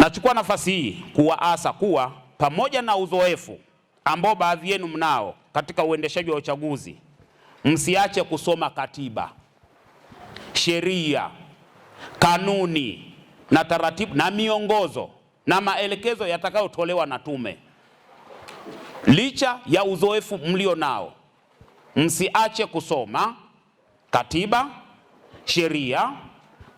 Nachukua nafasi hii kuwaasa kuwa pamoja na uzoefu ambao baadhi yenu mnao katika uendeshaji wa uchaguzi, msiache kusoma katiba, sheria, kanuni na taratibu na miongozo na maelekezo yatakayotolewa na tume. Licha ya uzoefu mlio nao, msiache kusoma katiba, sheria,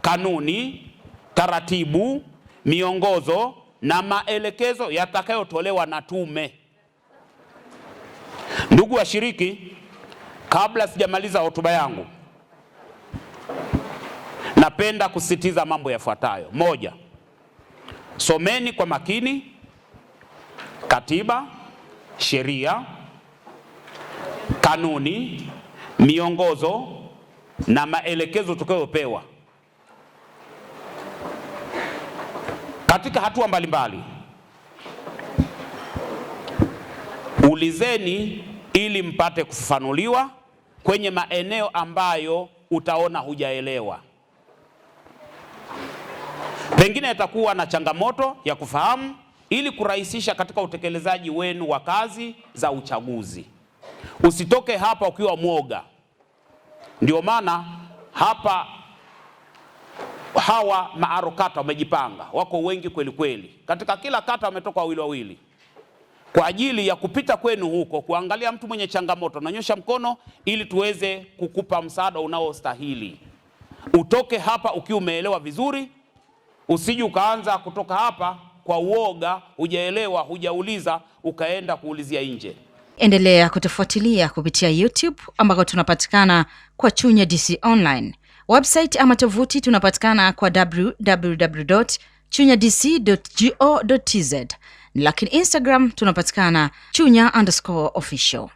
kanuni, taratibu miongozo na maelekezo yatakayotolewa na tume. Ndugu washiriki, kabla sijamaliza hotuba yangu, napenda kusisitiza mambo yafuatayo: moja, someni kwa makini katiba, sheria, kanuni, miongozo na maelekezo tukayopewa katika hatua mbalimbali mbali. Ulizeni ili mpate kufafanuliwa kwenye maeneo ambayo utaona hujaelewa, pengine yatakuwa na changamoto ya kufahamu, ili kurahisisha katika utekelezaji wenu wa kazi za uchaguzi. Usitoke hapa ukiwa mwoga. Ndio maana hapa hawa maaro kata wamejipanga, wako wengi kweli kweli, katika kila kata wametoka wawili wawili kwa ajili ya kupita kwenu huko kuangalia mtu mwenye changamoto, nanyosha mkono ili tuweze kukupa msaada unaostahili. Utoke hapa ukiwa umeelewa vizuri, usiji ukaanza kutoka hapa kwa uoga, hujaelewa, hujauliza, ukaenda kuulizia nje. Endelea kutufuatilia kupitia YouTube ambako tunapatikana kwa Chunya DC Online. Website ama tovuti tunapatikana kwa www chunya dc go tz, lakini Instagram tunapatikana chunya underscore official.